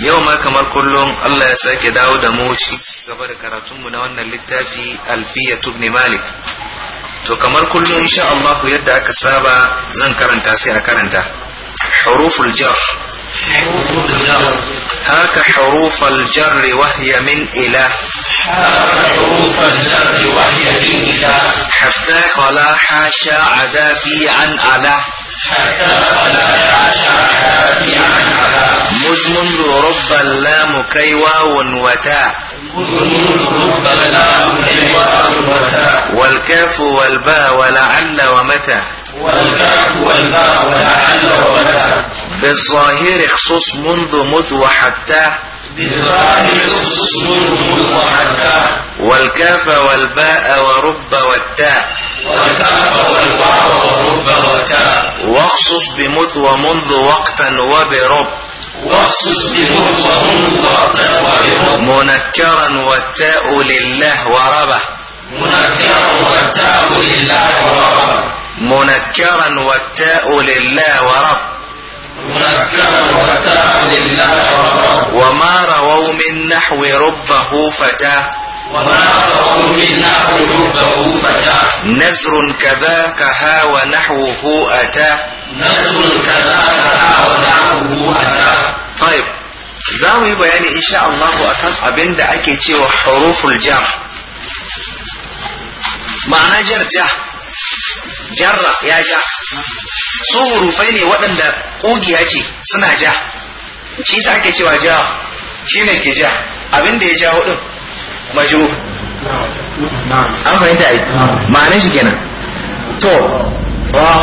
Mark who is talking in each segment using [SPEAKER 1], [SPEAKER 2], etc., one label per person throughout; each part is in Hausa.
[SPEAKER 1] يوم كما كلهم الله يساك داود موشي قبر كراتم نوانا للتافي ألفية ابن مالك تو كما كلهم إن شاء الله يدعى كسابا زن كرنتا سيرا كرنتا حروف الجر حروف الجر هاك حروف الجر وهي من إله هاك حروف الجر وهي من إله حتى خلا حاشا عذابي عن على حتى خلا كي واو وتاء والكاف والباء ولعل ومتى والكاف والباء ولعل ومتى بالظاهر اخصص منذ مذ وحتى بالظاهر منذ مذ وحتى والكاف والباء ورب والتاء والكاف والباء ورب والتاء واخصص بمذ ومنذ وقتا وبرب واخصص بمفضهم وطائره منكرا والتاء لله وربه
[SPEAKER 2] منكرا والتاء
[SPEAKER 1] لله وربه منكرا والتاء لله ورب منكرا والتاء لله ورب وما رووا من نحو ربه فتاه وما رووا من نحو ربه فتاه نزر كذاك ها ونحوه أتاه nasrun kaza kaza wa da'uhu ata طيب za mu yi bayani insha Allah akan abin da ake cewa huruful jar ma'ana jar ja jarra ya ja su hurufai ne waɗanda ƙugiya ce suna ja shi sa ake cewa ja shi ne ke ja abin da ya ja hudun majru an fahimta ai ma'anar shi kenan to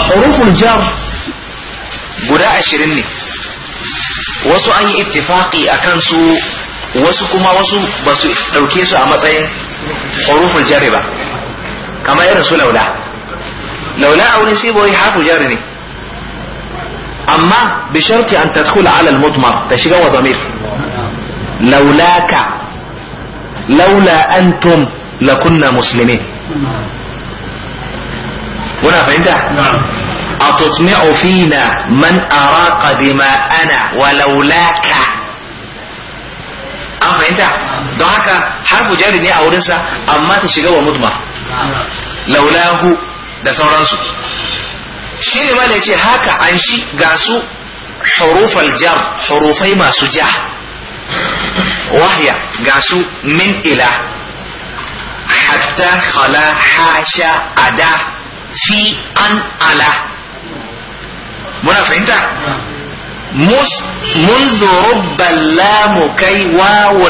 [SPEAKER 1] huruful jar guda ashirin ne wasu an yi ittifaqi a kansu wasu kuma wasu ba su ɗauke su a matsayin huruful jari ba kamar irin su laula laula a wurin sai bai harfu jari ne amma bi sharti an tadkhula ala al ta shiga wa damir laulaka laula antum lakunna muslimin muna fahimta أتطمع فينا من أراق دماءنا ولولاك an fahimta don haka harfu jari ne a wurinsa amma ta shiga wa mudma laulahu da sauransu shi ne ya ce haka an shi ga su hurufal jar hurufai masu ja wahya ga su min ila hatta khala hasha ada fi an ala muna fahimta kai رب اللام كي واو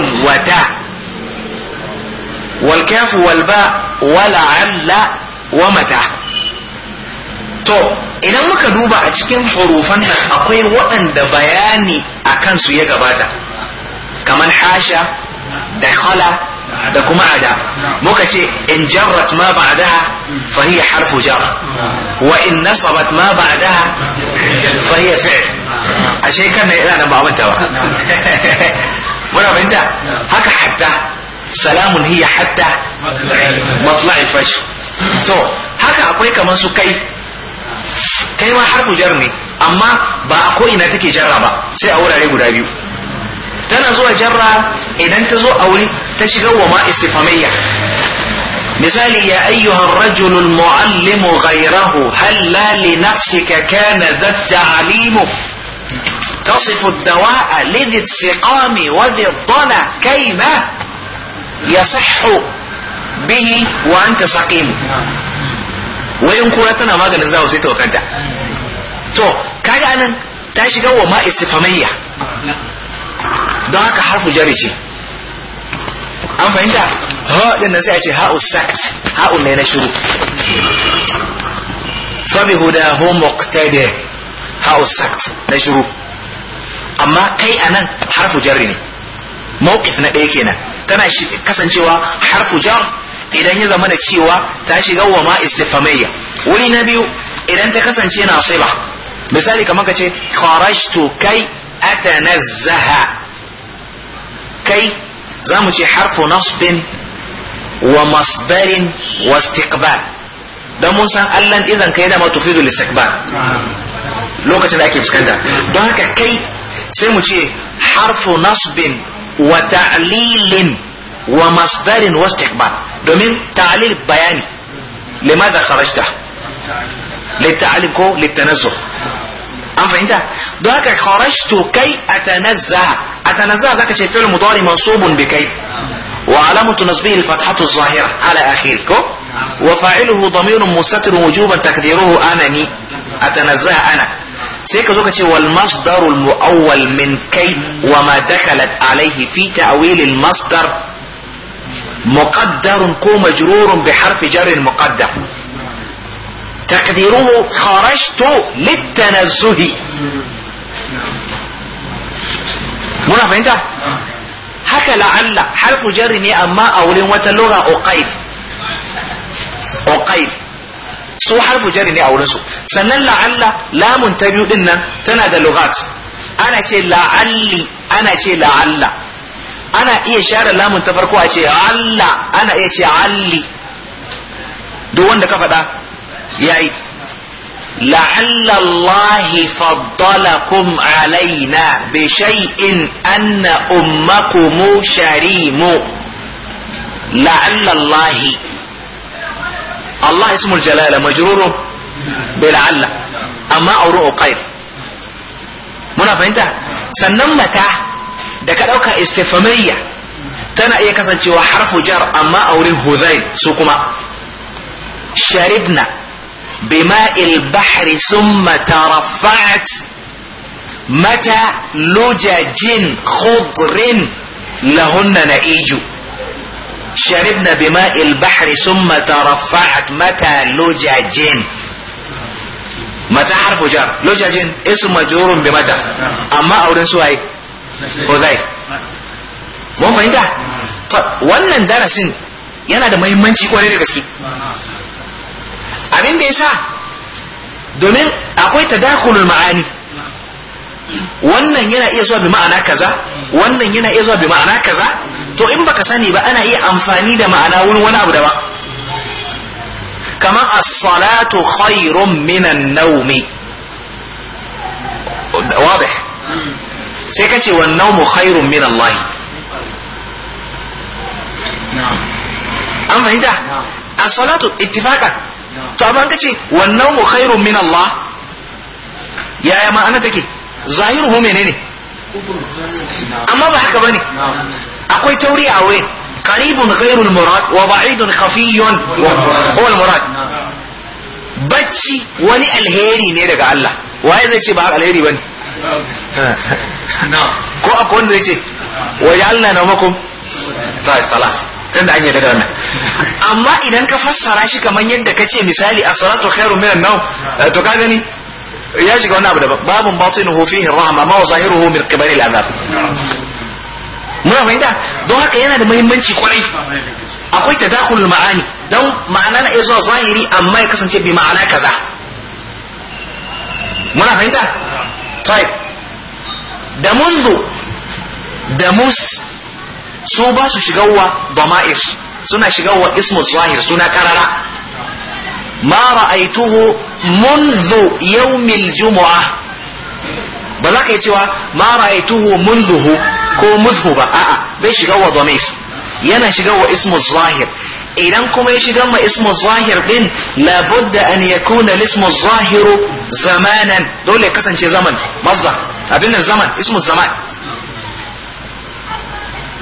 [SPEAKER 1] walba wala والباء wa mata. to idan muka duba a cikin hurufan nan akwai waɗanda bayani a kansu ya gabata kamar hasha da khala da kuma ada muka ce in jarrat ma ba'daha fa hiya harfu jar wa in nasabat ma ba'daha fa hiya fi'l ashe kan ina ba manta ba muna fahimta haka hatta salamun hiya hatta
[SPEAKER 2] matla'il fajr
[SPEAKER 1] to haka akwai kamar su kai kai ma harfu jar ne amma ba a ko'ina take jarra ba sai a wurare guda biyu tana zuwa jarra idan ta zo a wuri تشي جوه ماء استفهامية مثال يا أيها الرجل المعلم غيره هل لا لنفسك كان ذا التعليم تصف الدواء لذي السقام وذي الضنى كيما يصح به وأنت سقيم وين كورتنا ما قد نزاو سيتو كنت تو كاجا أنا تاشي جوه ماء استفهامية دعاك حرف جريشي an fahimta ha din nan sai a ce ha'u sakt ha'u ne na shiru fa bi hudahu muqtada ha'u sakt na shiru amma kai anan harfu jarri ne mawqif na ɗaya kenan tana kasancewa harfu jar idan ya zama da cewa ta shiga wa ma istifhamiyya wuri na biyu idan ta kasance nasiba misali kamar ka ce kharajtu kai atanazzaha kai za mu ce harfu nasbin wa masdarin wa istiqbal don mun san allan idan kai dama tufidu istiqbal lokacin da ake fuskanta don haka kai sai mu ce harfu nasbin wa ta'lilin wa masdarin wa istiqbal domin ta'lil bayani limadha kharajta للتعليم كو للتنزه أم فهمت؟ ده كخرجت كي أتنزه أتنزه ذاك شيء فعل مضارع منصوب بكيف وعلامة نصبه الفتحة الظاهرة على آخره وفاعله ضمير مستتر وجوبا تكديره أنني أتنزه أنا sai ka zo ka ce wal masdarul mu'awwal min kai wa ma dakalat alaihi fi ta'wil مقدر كو مجرور بحرف جر مقدر تقديره خرجت للتنزه muna fahimta haka la'alla harfu jarri ne amma a wurin wata lura uqaid uqaid su harfu jarri ne a wurin su sannan la'alla lamun ta biyu din nan tana da lugat ana ce la'alli ana ce la'alla ana iya share lamun ta farko a ce Allah ana iya ce alli duk wanda ka faɗa yayi لعل الله فضلكم علينا بشيء أن أمكم شريم لعل الله الله اسم الجلالة مجرور بلعل أما أوروء قير muna fahimta sannan mata da ka ɗauka istifamiyya tana iya kasancewa harfu jar amma a wurin su kuma sharibna بماء البحر ثم ترفعت متى لجج خضر لهن نئيج شربنا بماء البحر ثم ترفعت متى لجج متى حرف جر لجج اسم مجرور بمتى اما اورن سواي وزي mun fahimta طب وانا yana يانا ده مهمنشي da gaske abin da ya sa domin akwai tadakulul ma'ani wannan yana iya zuwa bi ma'ana kaza wannan yana iya zuwa bi ma'ana kaza to in baka sani ba ana iya amfani da ma'ana wani wani abu daban kamar as-salatu khairun minan nawmi wadih sai kace wan nawmu khairun min Allah an fahimta as-salatu ittifaqan to amma an kace wannan mu khairun min Allah yaya ma'ana take zahiruhu menene amma ba haka bane akwai tauri a wurin qaribun ghairul murad wa ba'idun khafiyun huwa murad bacci wani alheri ne daga Allah waye zai ce ba haka alheri bane ko akwai wanda zai ce wa ja'alna nawmakum طيب خلاص da an yarda da wannan amma idan ka fassara shi kamar yadda ka ce misali a salatu khairun min nawm eh, to ka gani ya shiga wannan abu da babun batinuhu fihi rahma ma wa zahiruhu min qibali al Mun muna fahimta don haka yana da muhimmanci kwarai akwai tadakhulul ma'ani don ma'ana na iya zuwa zahiri amma ya kasance bi ma'ana kaza muna fahimta طيب da munzu da mus su ba su wa dama'ir suna wa ismu zahir suna karara ma ra'aituhu منذ يوم الجمعة ba za ka yi cewa ma ra'aituhu munzuhu ko muzhu ba a'a bai shiga wa dhamir yana shiga wa ismu zahir idan kuma ya shiga ma ismu zahir din labudda an yakuna ismu zahiru zamanan dole kasance zaman masdar abin zaman ismu zaman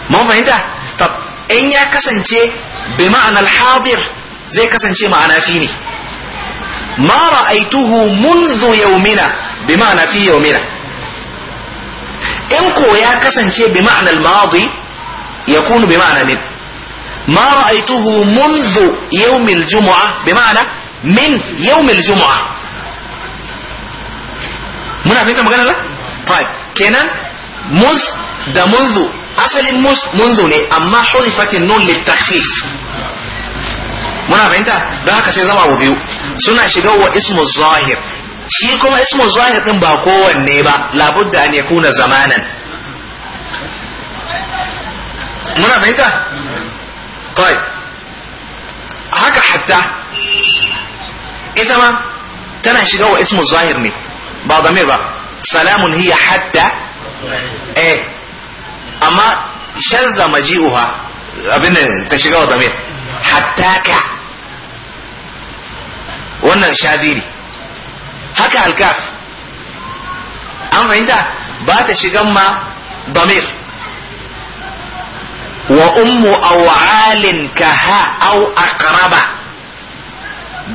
[SPEAKER 1] mun fahimta tab in ya kasance bi ma'anar hadir zai kasance ma'ana fi ne ma ra'aituhu munzu yaumina bi ma'ana fi yaumina in ko ya kasance bi ma'anar madi ya kunu bi ma'ana min ما رأيته منذ يوم الجمعة بمعنى من يوم الجمعة منا فهمت مجانا لا طيب كنا مذ ده منذ اصل الموس منذ ني اما حذفت النون للتخفيف منا فهمت ده هكا سي زما بيو سنه شيغو اسم الظاهر شي كما اسم الظاهر دين با كون ني با لابد ان يكون زمانا منا فهمت طيب هكا حتى اذا ما تنا شيغو اسم الظاهر ني با ضمير با سلام هي حتى ايه amma shazza maji'uha abin ta shiga wa damir
[SPEAKER 2] hatta ka
[SPEAKER 1] wannan shaziri haka alkaf an fahimta ba ta shigan ma damir wa ummu awalin ka ha au aqraba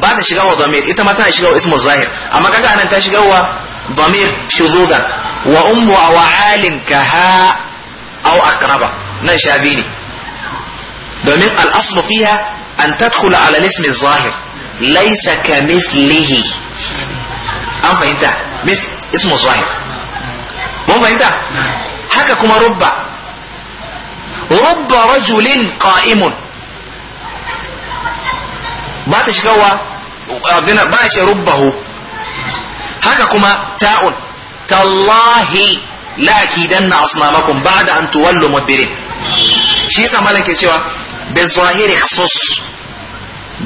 [SPEAKER 1] ba ta shiga wa damir ita ma tana shiga wa ismu zahir amma kaga anan ta shiga wa damir shuzuzan wa ummu awalin ka ha أو أقرب نشابيني شابيني دومين الأصل فيها أن تدخل على الاسم الظاهر ليس كمثله أم فإنت مثل اسمه الظاهر مم فإنت حكى كما رب رب رجل قائم باتش ta باتش ربه ba تاء تالله la akidanna asnamakum ba'da an tuwallu mudbirin shi yasa malaka cewa da zahiri khusus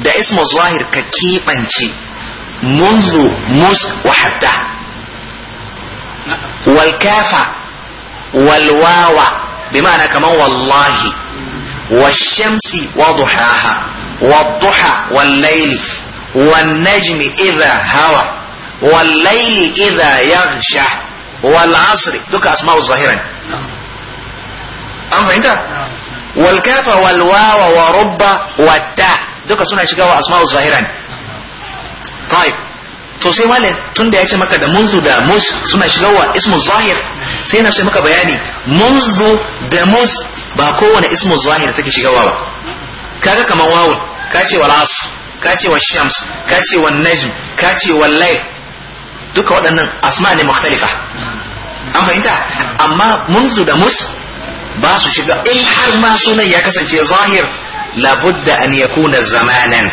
[SPEAKER 1] da ismu zahir ka kebance منذ مس وحتى والكافة والواو بمعنى كمان والله والشمس وضحاها والضحى والليل والنجم إذا هوى والليل إذا يغشى wal asri duka asma'u zahira an fahimta wal kafa wal wawa wa rubba duka suna shiga wa asma'u طيب sai tun da ya ce maka da munzu da mus suna shiga wa ismu zahir sai na sai maka bayani munzu da mus ba kowane ismu zahir take shigawa ba kaga kaman wawun ka ce wa asr ka ce shams ka ce wa najm ka ce wa layl duka waɗannan asma ne mukhtalifa an fahimta amma munzu da mus ba su shiga in har ma sunan ya kasance zahir labudda an yakuna zamanan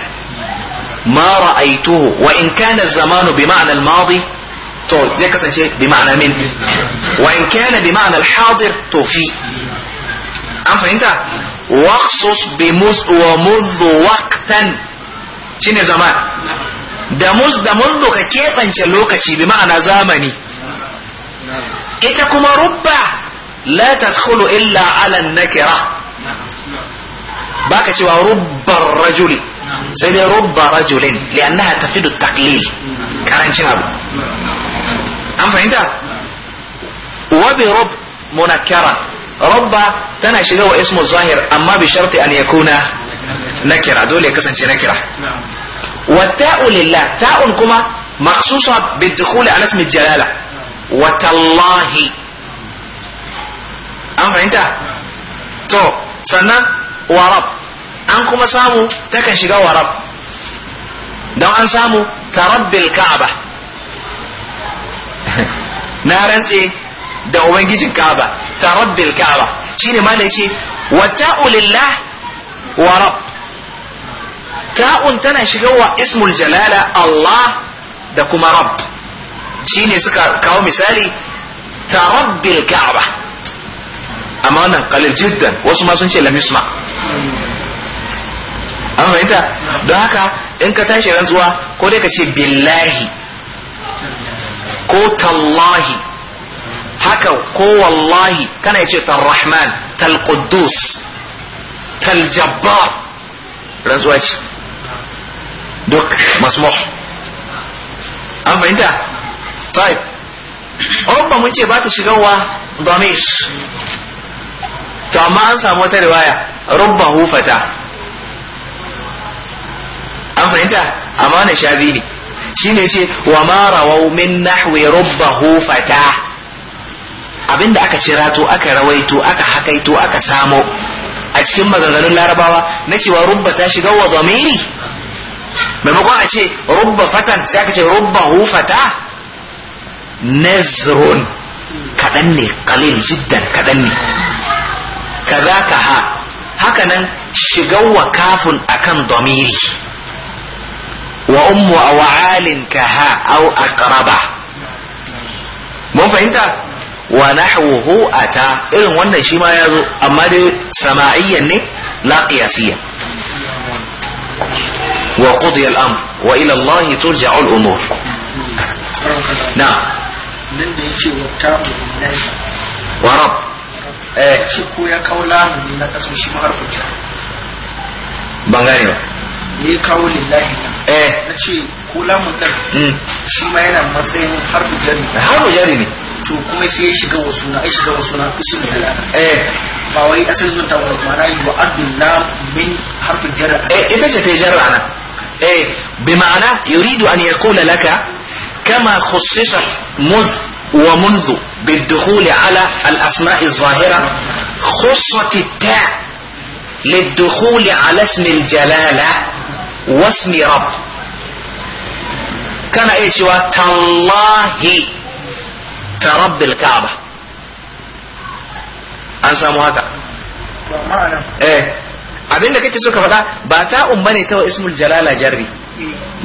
[SPEAKER 1] ما رأيته وإن كان الزمان بمعنى الماضي تو زي كسن شيء بمعنى من وإن كان بمعنى الحاضر تو في أم فهمت واخصص بمز ومذ وقتا شنو زمان da muz da mundu ka keɓance lokaci bi ma'ana zamani إتكما ربع لا تدخل إلا على النكرة باكة ورب الرجل سيدي رب رجل لأنها تفيد التقليل كان شنب أم فهمت وبرب منكرة رب تناشي هو اسم الظاهر أما بشرط أن يكون نكرة دول يكسن نكرة والتاء لله تاء كما مخصوصة بالدخول على اسم الجلالة watallahi an fahimta to sannan warab an kuma samu takan shiga warab don an samu tarabbil ka'aba na rantse da ubangijin ka'aba tarabbil ka'aba shine ma da ce? Wata lillah warab ta'un tana shiga wa ismul jalala Allah da kuma rabb shine suka kawo misali tarabbil ka'aba amma wannan qalil jiddan wasu ma sun ce lam yusma an fahimta don haka in ka tashi rantsuwa ko dai ka ce billahi ko tallahi haka ko wallahi kana ya ce tarrahman talquddus taljabbar rantsuwa ce duk masmuh an fahimta طيب ربما mun ce ba ta wa. damir to amma an samu wata riwaya rubba hufata an fahimta amma ne shine ce wa ma rawau min nahwi rubba hufata abinda aka cira to aka rawaito aka hakaito aka samo a cikin maganganun larabawa na cewa rubba ta shiga wa zamiri maimakon a ce rubba fatan sai aka ce rubba hufata nazrun kaɗan ne kalil jiddan kaɗan ne kaza ka ha hakanan nan shigar wa kafin akan domiri wa ummu a wa'alin ka ha au aqraba mun fahimta wa nahwuhu ta irin wannan shi ma ya zo amma dai sama'iyyan ne la qiyasiyyan wa qudiya al-amr wa ila Allah turja'u al-umur na'am nan da yake wata ulai wa rab eh shi ko ya kawo lamu ne na kaso shi harfin ta ban gane ba ne kawo lillahi eh na ce ko lamun din shi ma yana matsayin harfin jari harfin jari ne to kuma sai ya shiga wasu na ai shiga wasu na ismu jalala eh ba wai asalin mun tawo ma na yu adna min harfin jarra eh ita ce ta jarra ana eh bi ma'ana yuridu an yaqula laka kama khussisat مذ ومنذ بالدخول على الأسماء الظاهرة خصت التاء للدخول على اسم الجلالة واسم رب كان ايش تالله ترب الكعبة an samu haka eh abinda kake so ka faɗa ba ta'un bane ta wa ismul jalala jarri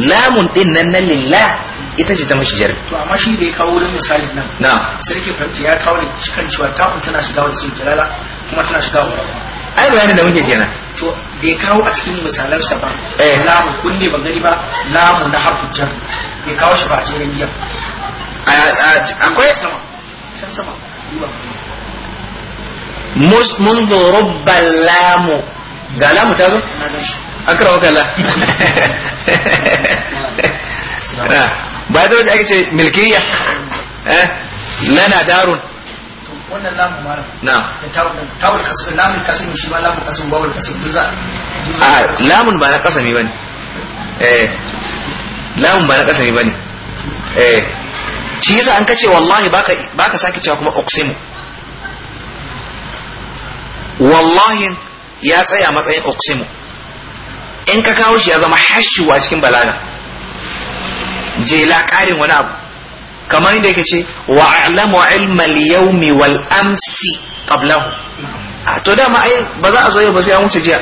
[SPEAKER 1] lamun din nan na lillah ita ce ta mashi jar to amma shi da ya kawo wurin misalin nan na sarki farki ya kawo ne kan cewa kun tana shiga wa jalala kuma tana shiga wa ai bayanin da muke kenan to bai kawo a cikin sa ba lamu eh. kunne ban gani ba lamu na harfin jar bai kawo shi ba a cikin biyar akwai sama can sama منذ رب اللام ga lamu ta zo? na gan shi akara wakala ba ya zama da ake ce milkiya eh lana darun wannan lamun mara na tawul kasim lamun kasim shi ma lamun kasim bawul kasim duza a lamun ba na kasami bane eh lamun ba na kasami bane eh shi yasa an kace wallahi baka baka sake cewa kuma uqsimu wallahi ya tsaya matsayin uqsimu in ka kawo shi ya zama hashu a cikin balaga jela ƙarin wani abu kamar inda yake ce wa a'lamu ilma al-yawmi wal amsi qablahu a to dama ai ba za a zo yau ba sai an wuce jiya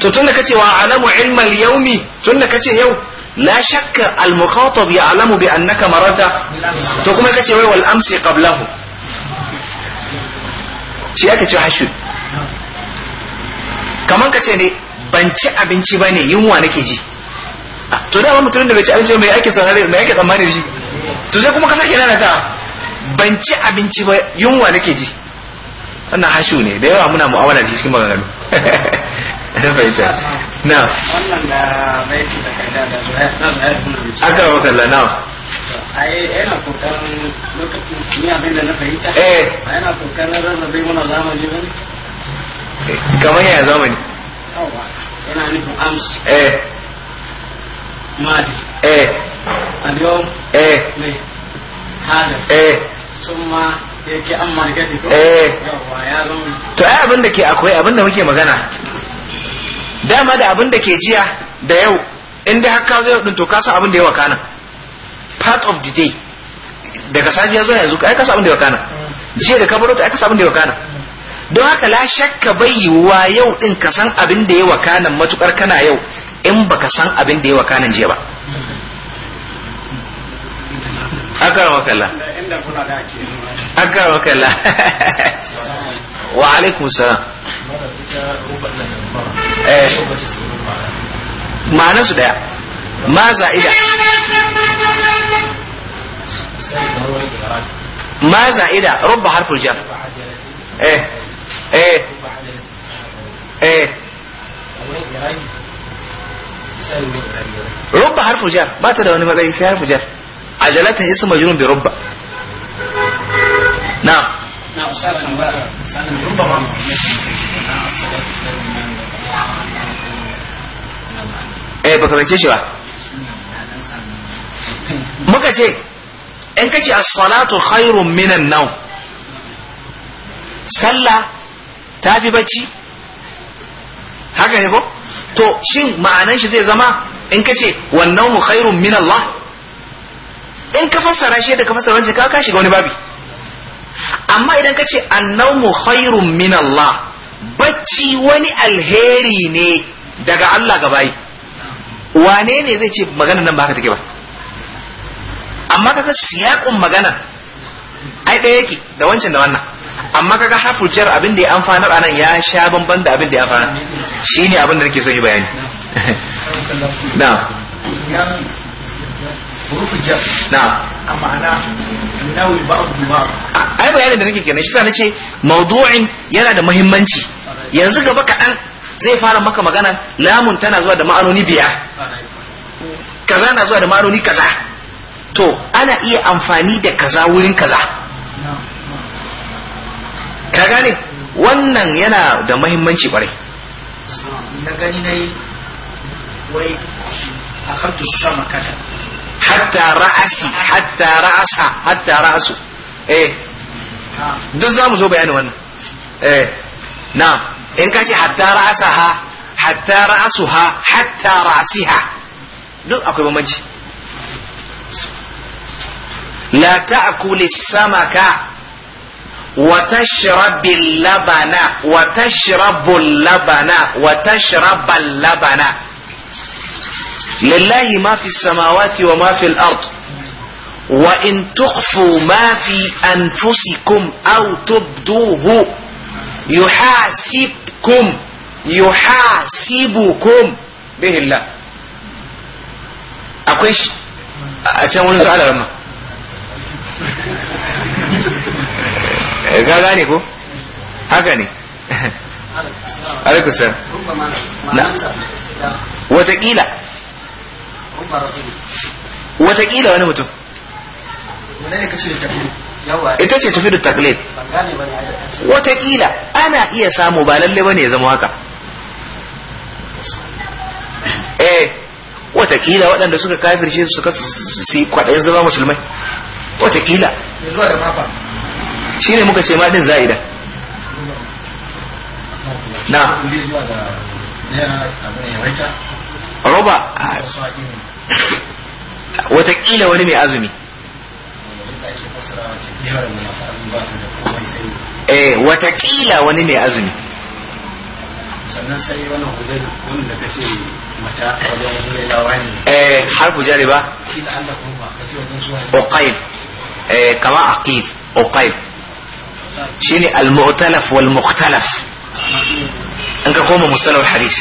[SPEAKER 1] to tunda kace wa a'lamu ilma al-yawmi tun tunda kace yau la shakka al-mukhatab ya'lamu bi annaka marata to kuma kace wai wal amsi qablahu shi aka ce hashu kamar kace ne ban ci abinci bane yunwa nake ji to da ba mutumin da bai ci abinci mai ake saurare mai ake tsammani da shi to sai kuma ka sake lalata ban ci abinci ba yunwa nake ji wannan hashu ne da yawa muna mu'amala da shi cikin maganganu da fahimta na
[SPEAKER 2] wannan da mai ci da kai da zuwa na zuwa
[SPEAKER 1] ya aka wa kalla na ai yana kokarin
[SPEAKER 2] lokacin ni abin da na fahimta eh yana kokarin rarrabe mana zamani
[SPEAKER 1] ne kamar yaya zamani yawa yana nufin amsi eh ماضي ايه اليوم ايه مي هذا ايه ثم
[SPEAKER 2] an margadi ko eh ya zama
[SPEAKER 1] to ai abin ke akwai abin da muke magana dama da abin ke jiya da yau in dai har ka zo din to ka wakana part of the day daga safiya zuwa yanzu ai ka san abin da wakana jiya da ka ai ka san abin da wakana don haka la shakka bai yiwuwa yau din kasan san abin da wakana matukar kana yau in baka san abin da ya kanan jiya ba aka wakala akar wakala wa alaikun salam eh. ma'ana su daya ma za'ida ma za'ida rubba harful jar eh eh eh rubba harfu jar ba ta da wani matsayi sai harfu jar ajalatin ismu majrun bi rubba na'am na'am salan ba salan rubba ma eh baka bace shi ba muka ce in kace as-salatu khairun minan nawm sallah tafi bacci haka ne ko to shin ma'anan shi zai zama in ka ce wannan mu khairun min Allah in ka fassara shi da ka fassara wancan ka kashi ga wani babi amma idan ka ce mu khairun min Allah bacci wani alheri ne daga Allah ga bayi wane ne zai ce maganar nan ba haka take ba amma kaga siyaqun magana ai ɗaya yake da wancan da wannan amma kaga harful jar abin da ya amfanar anan ya sha bamban da abin da ya amfanar shine abin da nake so yi bayani na na ai bayanin da nake kenan shi sa nace mawdu'in yana da muhimmanci yanzu gaba kaɗan zai fara maka magana lamun tana zuwa da ma'anoni biya kaza na zuwa da ma'anoni kaza to ana iya amfani da kaza wurin kaza ka gane wannan yana da mahimmanci kwarai na gani na yi wai a kartu sama kata hatta ra'asi hatta ra'asa hatta ra'asu eh duk za mu zo bayanin wannan eh na in ka ce hatta ra'asa ha hatta ra'asu ha hatta ra'asiha duk akwai bambanci la ta'kuli samaka وتشرب اللبن وتشرب اللبن وتشرب اللبن لله ما في السماوات وما في الأرض وإن تخفوا ما في أنفسكم أو تبدوه يحاسبكم يحاسبكم به الله أقويش أتمنى على لما Eh, ka gane ko haka ne na watakila watakila wani mutum ita ce tafi da taklid watakila ana iya samu ba lalle bane ya zama haka eh watakila waɗanda suka kafirce su suka si kwaɗayin zama musulmai watakila zuwa da ne muka ce ma din za'ida na roba watakila wani mai azumi eh watakila wani mai azumi sannan sai wani hujjar wanda ka ce mata wajen ne eh har hujjar ba kila Allah kuma ka ce wajen zuwa eh kama aqil uqail شيني المؤتلف والمختلف انك قوم مستلو الحديث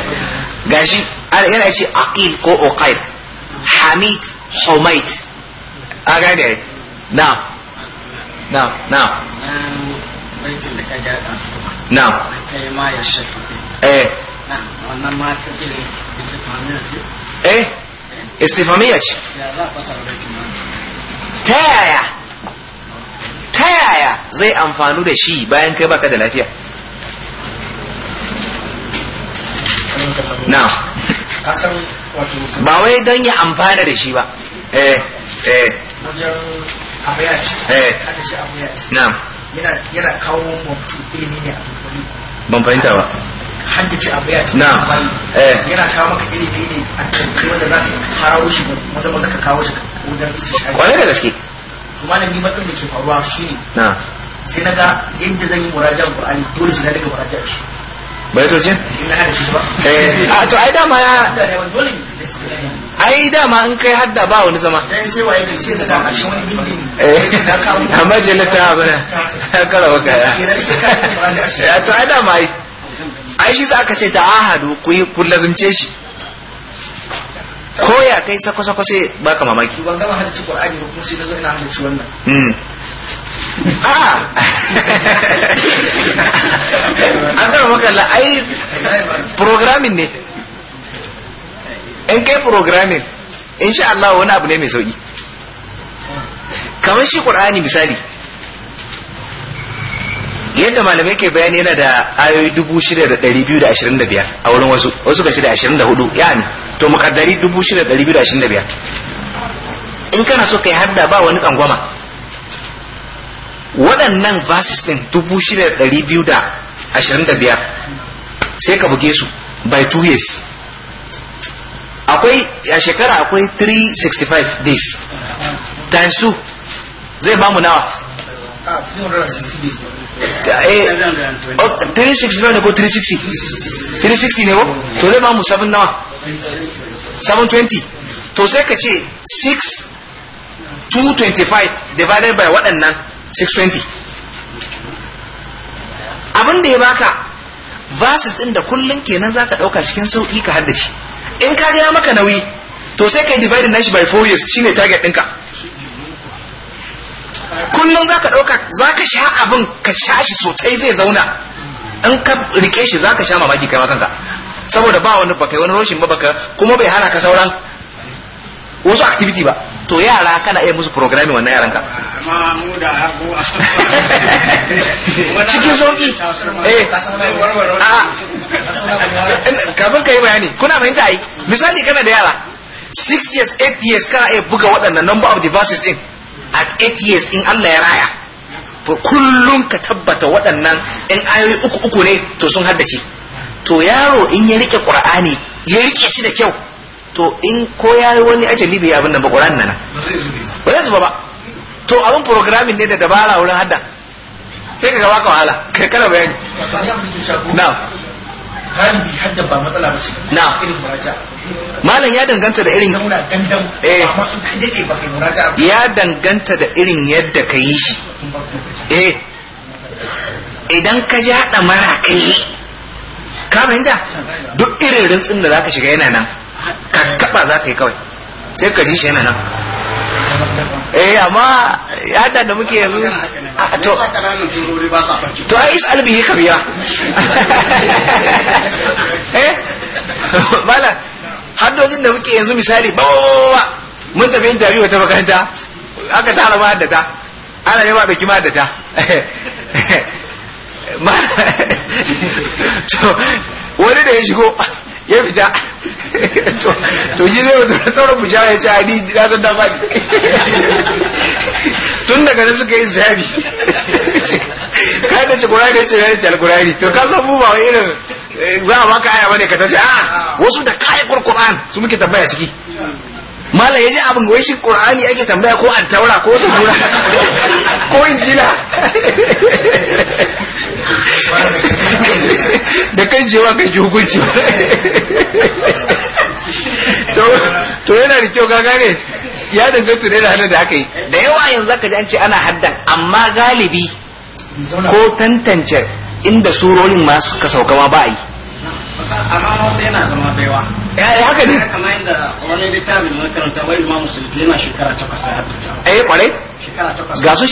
[SPEAKER 1] قاشي انا انا اشي اقيل كو اقيل حميد حميد اقعد يعني. نعم نعم نعم نعم نعم ما يشك ايه نعم
[SPEAKER 2] استفهاميه
[SPEAKER 1] ايه استفهاميه
[SPEAKER 2] لا لا بطل بيت تايا
[SPEAKER 1] ta yaya zai amfanu da shi bayan kai baka da lafiya na ba wai don ya amfana da shi ba eh eh eh na yana kawo mafi ilimi ne a dubbali ban fahimta ba haddace abu ya tuna yana kawo maka ilimi ne a tattalin wanda za ka kawo shi maza maza ka kawo shi wajen istishari kwarai da gaske malam ni matsalar da ke faruwa shi ne sai na ga yadda zan yi murajan qur'ani dole sai na daga murajan shi bai to ce ina hada shi ba eh a to ai dama ya dole ai dama in kai hadda ba wani zama dan sai waye kai sai daga shi wani bindin eh amma jalata abana ya kara baka ya to ai dama ai ai shi sa aka ce ta ahadu ku lazumce shi ko ya kai sako-sako sai baka mamaki ban gama halittu qur'ani ko kuma sai na zo ina halittu wannan hmm. a ah! an gama makalla ai programming ne in kai programming insha Allah wani abu ne mai sauki kamar shi qur'ani misali yadda malamai ke bayani yana da ayoyi dubu shida da biyu da ashirin da biyar a wurin wasu wasu ka shida ashirin da hudu yani to mukaddari 6,225 in kana so kai hadda ba wani tsangwama waɗannan verses ɗin 6,225 sai ka buge su by two years akwai a shekara akwai 365 days times 2 zai ba mu nawa 365 eh, ne ko 360 360 ne ko to zai ba mu 7 nawa 720 to sai ka ce 6225 divided by waɗannan 620 abin da ya baka ɗin inda kullum kenan za ka ɗauka cikin sauƙi ka haddace in ka gaya maka nauyi to sai ka yi divided nashi by 4 years shine target ɗinka kullum za ka ɗauka za ka sha abin ka sha shi sosai zai zauna in ka rike shi za ka sha mamaki kai kanka saboda ba wani baka wani roshin ba baka kuma bai hana ka sauran wasu activity ba to yara kana iya musu programming wannan yaranka cikin sauki
[SPEAKER 2] eh ah.
[SPEAKER 1] kafin ka yi bayani kuna fahimta ai misali kana da yara 6 years 8 years kana iya buga waɗannan number of devices din at 8 years in Allah ya raya kullum ka tabbata waɗannan in ayoyi uku uku ne to sun haddace to yaro in ya rike qur'ani ya rike shi da kyau to in ko ya yi wani ajali bai abin nan ba qur'ani nan ba zai zuba ba to abin programming ne da dabara wurin hadda sai ka gaba ka wahala kai kana bayani na bi hadda ba matsala ba na irin muraja malam ya danganta da irin zauna amma eh. in ka dade ba kai muraja ya danganta da irin yadda ka yi shi eh idan ka jaɗa mara kai ka fahimta duk irin rintsin da zaka shiga yana nan ka taba zaka yi kawai sai ka ji shi yana nan eh amma ya da muke yanzu to to ai is albihi kabira eh bala haddojin da muke yanzu misali bawa mun tafi interview wata makaranta aka tara ma da ta ana yi ba da kima da ta wani da ya shigo ya fita to ji zai wata taurin mu ya ce ani na san dama ne tun daga nan suka yi zabi kai da ce kurari ce na ce kurari to ka san mu ba irin eh, za a baka aya bane ka tace a ah, wasu da kayan kurkuran su muke tambaya ciki mala ya ji abin wai shi qur'ani ake tambaya ko an taura ko jura ko injila da kai jewa kai ji hukunci to yana da kyau gaga ne ya danganta ne da hannun da aka yi da yawa yanzu aka ji an ce ana hadda. amma galibi ko tantance inda surorin masu suka sauka ma ba a yi amma ya yi haka ne na karanta ma eh, ga su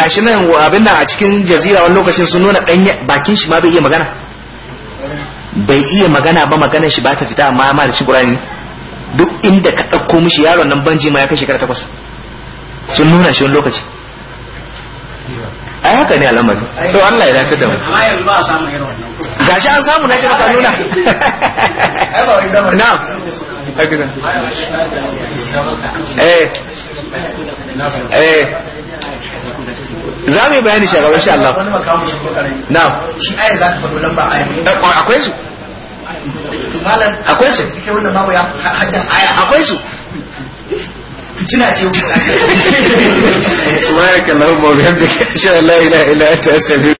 [SPEAKER 1] ah, to nan a cikin jazira wani lokacin sun nuna ɗanya bakin shi ma bai iya magana bai iya magana ba maganar shi ba ta fita amma ma da shi ne duk inda ka ɗauko mishi yaron nan banji ma ya kai shekara takwas sun nuna shi wani lokaci a haka ne al'amari so Allah ya dace da mu amma yanzu ba a samu irin wannan gashi an samu na ce nuna na hakika eh eh za mu yi bayani shi a gaban shi Allah na shi aya za ta faɗo lamba aya eh, akwai su akwai su akwai su fitina
[SPEAKER 2] ce ku subhanaka allahumma wa bihamdika anta astaghfiruka